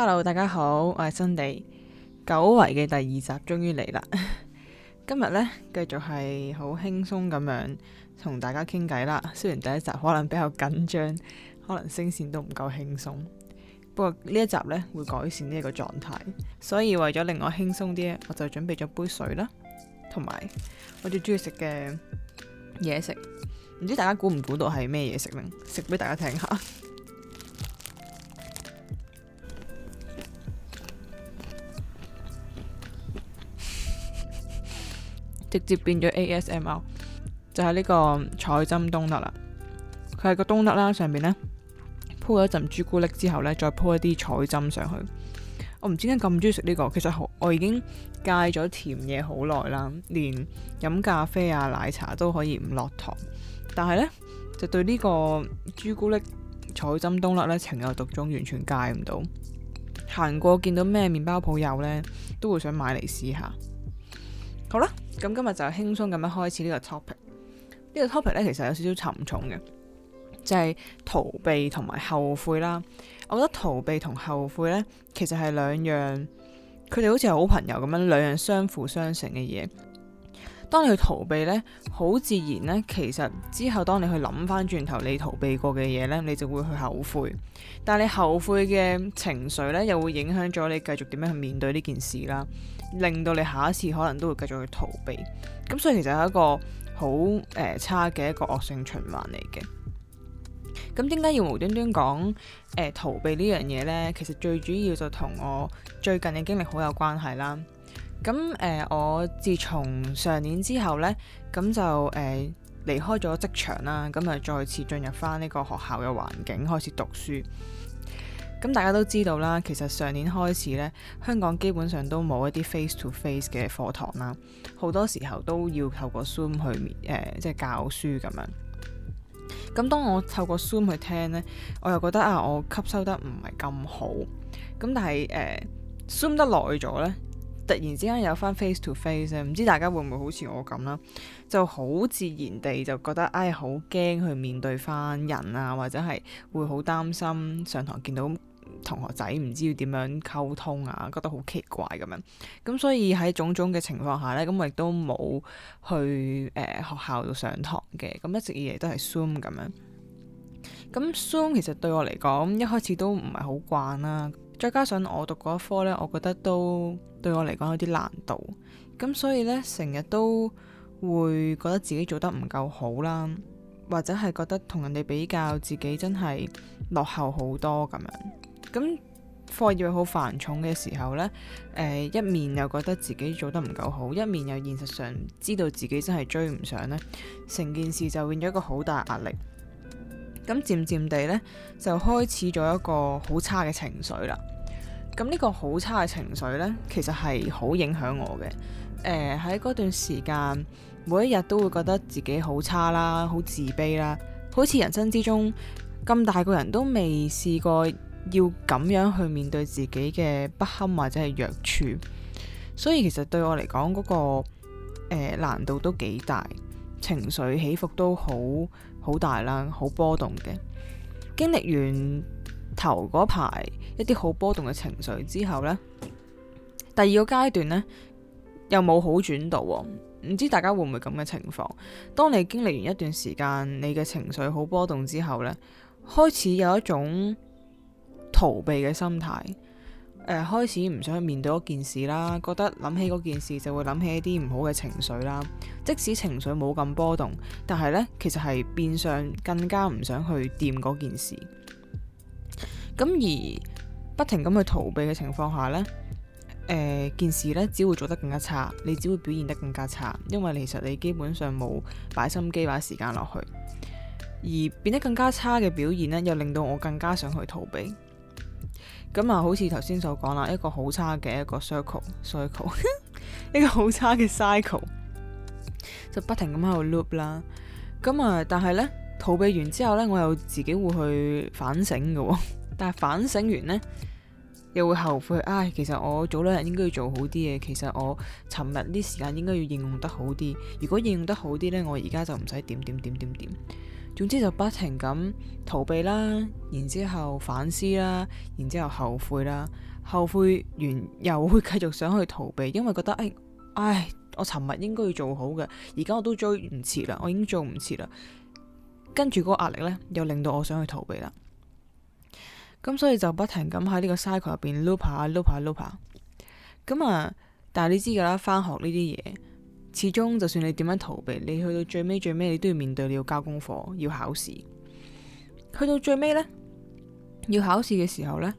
Hello，大家好，我係新地，久違嘅第二集終於嚟啦。今日呢繼續係好輕鬆咁樣同大家傾偈啦。雖然第一集可能比較緊張，可能聲線都唔夠輕鬆，不過呢一集呢會改善呢一個狀態。所以為咗令我輕鬆啲，我就準備咗杯水啦，同埋我最中意食嘅嘢食。唔知大家估唔估到係咩嘢食呢？食俾大家聽下。直接變咗 ASMR，就係呢個彩針冬甩啦。佢係個冬甩啦，上面呢鋪咗一陣朱古力之後呢，再鋪一啲彩針上去。我唔知點解咁中意食呢個，其實好，我已經戒咗甜嘢好耐啦，連飲咖啡啊、奶茶都可以唔落糖。但係呢，就對呢個朱古力彩針冬甩呢，情有獨鍾，完全戒唔到。行過見到咩麵包鋪有呢，都會想買嚟試下。好啦，咁今日就輕鬆咁樣開始呢個 topic。呢個 topic 咧，其實有少少沉重嘅，就係逃避同埋後悔啦。我覺得逃避同後悔呢，其實係兩樣，佢哋好似係好朋友咁樣，兩樣相輔相成嘅嘢。當你去逃避呢，好自然呢。其實之後當你去諗翻轉頭，你逃避過嘅嘢呢，你就會去後悔。但係你後悔嘅情緒呢，又會影響咗你繼續點樣去面對呢件事啦，令到你下一次可能都會繼續去逃避。咁所以其實係一個好誒、呃、差嘅一個惡性循環嚟嘅。咁點解要無端端講誒、呃、逃避呢樣嘢呢？其實最主要就同我最近嘅經歷好有關係啦。咁誒、呃，我自從上年之後呢，咁就誒離、呃、開咗職場啦，咁啊再次進入翻呢個學校嘅環境，開始讀書。咁大家都知道啦，其實上年開始呢，香港基本上都冇一啲 face to face 嘅課堂啦，好多時候都要透過 Zoom 去誒、呃、即係教書咁樣。咁當我透過 Zoom 去聽呢，我又覺得啊，我吸收得唔係咁好。咁但係誒、呃、Zoom 得耐咗呢。突然之間有翻 face to face 唔知大家會唔會好似我咁啦，就好自然地就覺得唉好驚去面對翻人啊，或者係會好擔心上堂見到同學仔唔知要點樣溝通啊，覺得好奇怪咁樣。咁所以喺種種嘅情況下呢，咁我亦都冇去誒、呃、學校度上堂嘅，咁一直以嚟都係 Zoom 咁樣。咁 Zoom 其實對我嚟講，一開始都唔係好慣啦。再加上我讀嗰一科呢，我覺得都對我嚟講有啲難度，咁所以呢，成日都會覺得自己做得唔夠好啦，或者係覺得同人哋比較，自己真係落後好多咁樣。咁課業好繁重嘅時候呢，誒、呃、一面又覺得自己做得唔夠好，一面又現實上知道自己真係追唔上呢，成件事就變咗一個好大壓力。咁漸漸地呢，就開始咗一個好差嘅情緒啦。咁呢個好差嘅情緒呢，其實係好影響我嘅。誒，喺嗰段時間，每一日都會覺得自己好差啦，好自卑啦，好似人生之中咁大個人都未試過要咁樣去面對自己嘅不堪或者係弱處。所以其實對我嚟講，嗰個誒難度都幾大。情緒起伏都好好大啦，好波動嘅。經歷完頭嗰排一啲好波動嘅情緒之後呢，第二個階段呢，又冇好轉到，唔知大家會唔會咁嘅情況？當你經歷完一段時間，你嘅情緒好波動之後呢，開始有一種逃避嘅心態。誒、呃，開始唔想去面對嗰件事啦，覺得諗起嗰件事就會諗起一啲唔好嘅情緒啦。即使情緒冇咁波動，但係呢，其實係變相更加唔想去掂嗰件事。咁而不停咁去逃避嘅情況下呢、呃，件事呢只會做得更加差，你只會表現得更加差，因為其實你基本上冇擺心機擺時間落去，而變得更加差嘅表現呢，又令到我更加想去逃避。咁啊，好似頭先所講啦，一個好差嘅一個 circle，cycle，cir 一個好差嘅 cycle，就不停咁喺度 loop 啦。咁啊，但係呢，逃避完之後呢，我又自己會去反省嘅、哦。 但係反省完呢，又會後悔。唉、哎，其實我早兩日應該要做好啲嘅。其實我尋日啲時間應該要應用得好啲。如果應用得好啲呢，我而家就唔使點點點點點。總之就不停咁逃避啦，然之後反思啦，然之後後悔啦，後悔完又會繼續想去逃避，因為覺得誒、哎，唉，我尋日應該要做好嘅，而家我都追唔切啦，我已經做唔切啦，跟住嗰個壓力呢，又令到我想去逃避啦，咁所以就不停咁喺呢個 cycle 入邊 loop 下、loop 下、loop 啊，咁啊，但係你知噶啦，返學呢啲嘢。始終就算你點樣逃避，你去到最尾最尾，你都要面對。你要交功課，要考試。去到最尾呢，要考試嘅時候呢，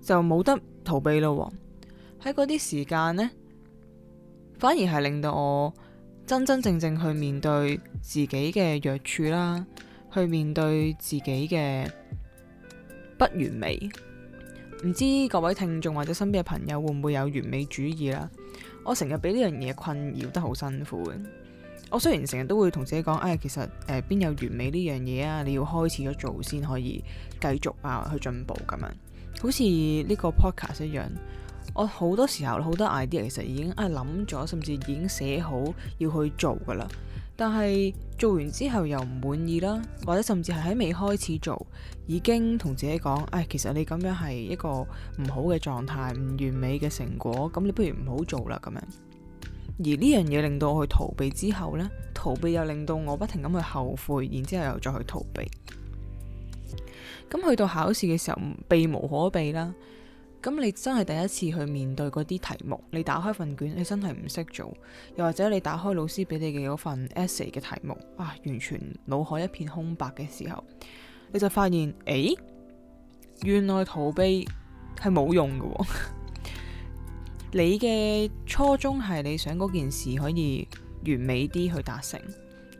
就冇得逃避咯喎。喺嗰啲時間呢，反而係令到我真真正正去面對自己嘅弱處啦，去面對自己嘅不完美。唔知各位聽眾或者身邊嘅朋友會唔會有完美主義啦？我成日俾呢樣嘢困擾得好辛苦嘅。我雖然成日都會同自己講，哎，其實誒邊、呃、有完美呢樣嘢啊？你要開始咗做先可以繼續啊，去進步咁樣。好似呢個 podcast 一樣，我好多時候好多 idea 其實已經哎諗咗，甚至已經寫好要去做噶啦。但係做完之後又唔滿意啦，或者甚至係喺未開始做已經同自己講，唉，其實你咁樣係一個唔好嘅狀態，唔完美嘅成果，咁你不如唔好做啦咁樣。而呢樣嘢令到我去逃避之後呢，逃避又令到我不停咁去後悔，然之後又再去逃避。咁去到考試嘅時候，避無可避啦。咁你真係第一次去面對嗰啲題目，你打開份卷，你真係唔識做，又或者你打開老師俾你嘅嗰份 essay 嘅題目，啊，完全腦海一片空白嘅時候，你就發現，誒、欸，原來逃避係冇用嘅，哦。 你嘅初衷係你想嗰件事可以完美啲去達成，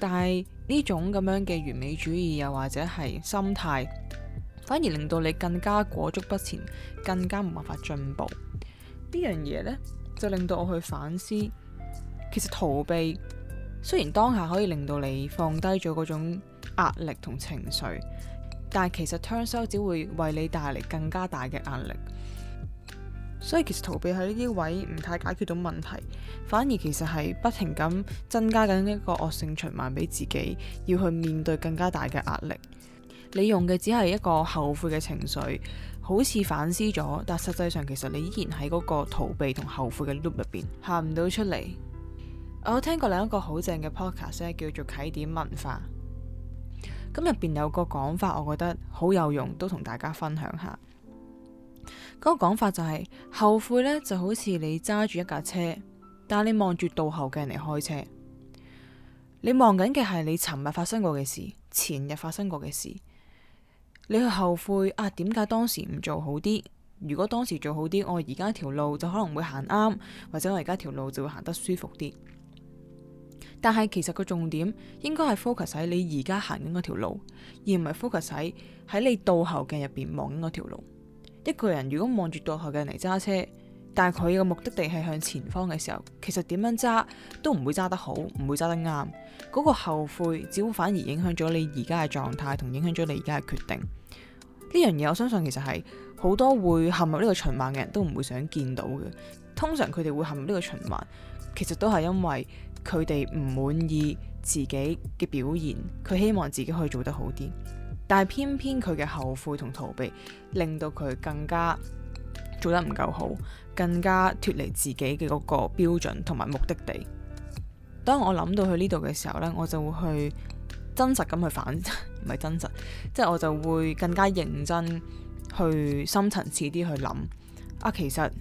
但係呢種咁樣嘅完美主義，又或者係心態。反而令到你更加裹足不前，更加冇辦法進步。呢樣嘢呢，就令到我去反思。其實逃避雖然當下可以令到你放低咗嗰種壓力同情緒，但係其實 turns out 只會為你帶嚟更加大嘅壓力。所以其實逃避喺呢啲位唔太解決到問題，反而其實係不停咁增加緊一個惡性循環俾自己，要去面對更加大嘅壓力。你用嘅只係一個後悔嘅情緒，好似反思咗，但係實際上其實你依然喺嗰個逃避同後悔嘅 loop 入邊行唔到出嚟。我聽過另一個好正嘅 podcast，叫做《啟點文化》，咁入邊有個講法，我覺得好有用，都同大家分享下。嗰個講法就係後悔呢就好似你揸住一架車，但係你望住倒後鏡嚟開車，你望緊嘅係你尋日發生過嘅事，前日發生過嘅事。你去後悔啊？點解當時唔做好啲？如果當時做好啲，我而家條路就可能會行啱，或者我而家條路就會行得舒服啲。但係其實個重點應該係 focus 喺你而家行緊嗰條路，而唔係 focus 喺你倒後鏡入邊望緊嗰條路。一個人如果望住倒後鏡嚟揸車，但係佢嘅目的地係向前方嘅時候，其實點樣揸都唔會揸得好，唔會揸得啱。嗰個後悔只會反而影響咗你而家嘅狀態，同影響咗你而家嘅決定。呢樣嘢，我相信其實係好多會陷入呢個循環嘅人都唔會想見到嘅。通常佢哋會陷入呢個循環，其實都係因為佢哋唔滿意自己嘅表現，佢希望自己可以做得好啲，但係偏偏佢嘅後悔同逃避，令到佢更加做得唔夠好，更加脫離自己嘅嗰個標準同埋目的地。當我諗到去呢度嘅時候呢，我就會去真實咁去反。唔係真實，即係我就會更加認真去深層次啲去諗啊。其實呢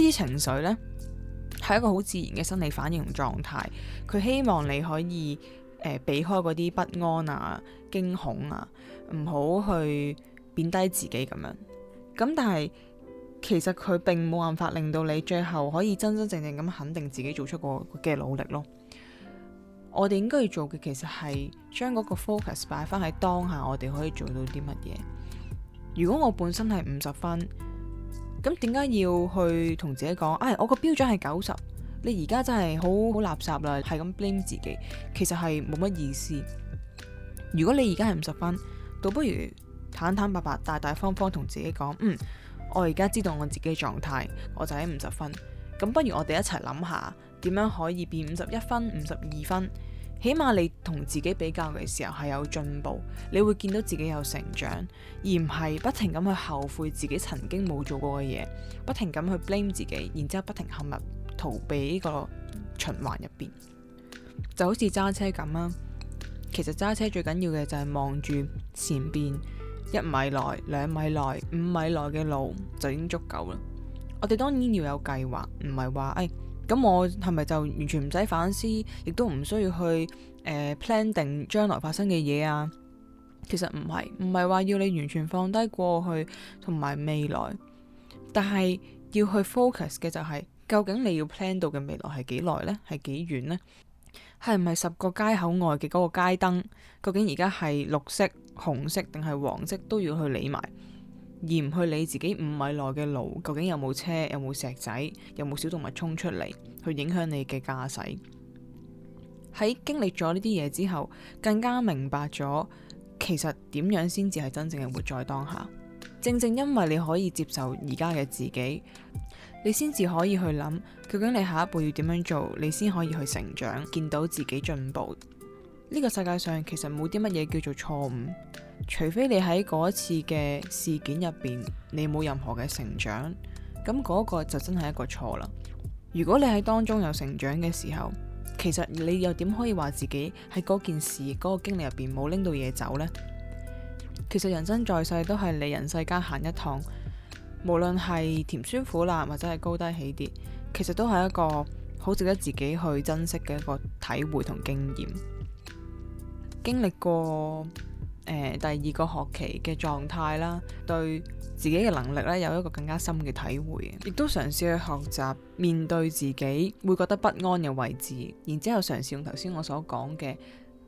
啲情緒呢，係一個好自然嘅生理反應同狀態，佢希望你可以、呃、避開嗰啲不安啊、驚恐啊，唔好去貶低自己咁樣。咁但係其實佢並冇辦法令到你最後可以真真正正咁肯定自己做出過嘅努力咯。我哋應該要做嘅其實係將嗰個 focus 擺翻喺當下，我哋可以做到啲乜嘢？如果我本身係五十分，咁點解要去同自己講？唉、哎，我個標準係九十，你而家真係好好垃圾啦，係咁 blame 自己，其實係冇乜意思。如果你而家係五十分，倒不如坦坦白白、大大方方同自己講：嗯，我而家知道我自己嘅狀態，我就喺五十分。咁不如我哋一齊諗下。點樣可以變五十一分、五十二分？起碼你同自己比較嘅時候係有進步，你會見到自己有成長，而唔係不停咁去後悔自己曾經冇做過嘅嘢，不停咁去 blame 自己，然之後不停陷入逃避呢個循環入邊，就好似揸車咁啊。其實揸車最緊要嘅就係望住前邊一米內、兩米內、五米內嘅路就已經足夠啦。我哋當然要有計劃，唔係話誒。哎咁我係咪就完全唔使反思，亦都唔需要去誒 plan 定將來發生嘅嘢啊？其實唔係，唔係話要你完全放低過去同埋未來，但係要去 focus 嘅就係、是，究竟你要 plan 到嘅未來係幾耐呢？係幾遠呢？係唔係十個街口外嘅嗰個街燈？究竟而家係綠色、紅色定係黃色都要去理埋？而唔去理自己五米內嘅路，究竟有冇車，有冇石仔，有冇小動物衝出嚟，去影響你嘅駕駛。喺經歷咗呢啲嘢之後，更加明白咗其實點樣先至係真正嘅活在當下。正正因為你可以接受而家嘅自己，你先至可以去諗究竟你下一步要點樣做，你先可以去成長，見到自己進步。呢個世界上其實冇啲乜嘢叫做錯誤，除非你喺嗰一次嘅事件入邊你冇任何嘅成長，咁嗰個就真係一個錯啦。如果你喺當中有成長嘅時候，其實你又點可以話自己喺嗰件事嗰個經歷入邊冇拎到嘢走呢？其實人生在世都係你人世間行一趟，無論係甜酸苦辣或者係高低起跌，其實都係一個好值得自己去珍惜嘅一個體會同經驗。經歷過、呃、第二個學期嘅狀態啦，對自己嘅能力咧有一個更加深嘅體會，亦都嘗試去學習面對自己會覺得不安嘅位置，然之後嘗試用頭先我所講嘅，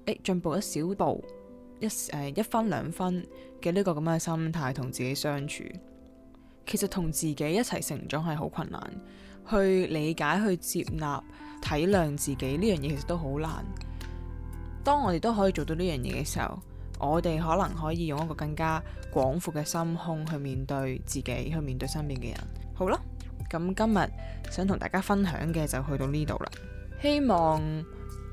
誒進步一小步，一誒、呃、一分兩分嘅呢個咁嘅心態同自己相處，其實同自己一齊成長係好困難，去理解、去接納、體諒自己呢樣嘢其實都好難。當我哋都可以做到呢樣嘢嘅時候，我哋可能可以用一個更加廣闊嘅心胸去面對自己，去面對身邊嘅人。好啦，咁今日想同大家分享嘅就去到呢度啦。希望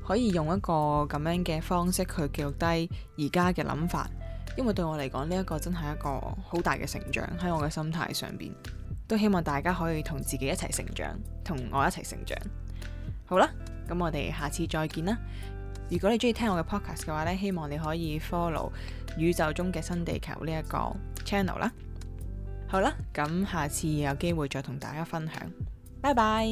可以用一個咁樣嘅方式去記錄低而家嘅諗法，因為對我嚟講，呢一個真係一個好大嘅成長喺我嘅心態上面。都希望大家可以同自己一齊成長，同我一齊成長。好啦，咁我哋下次再見啦。如果你鍾意聽我嘅 podcast 嘅話咧，希望你可以 follow 宇宙中嘅新地球呢一個 channel 啦。好啦，咁下次有機會再同大家分享，拜拜。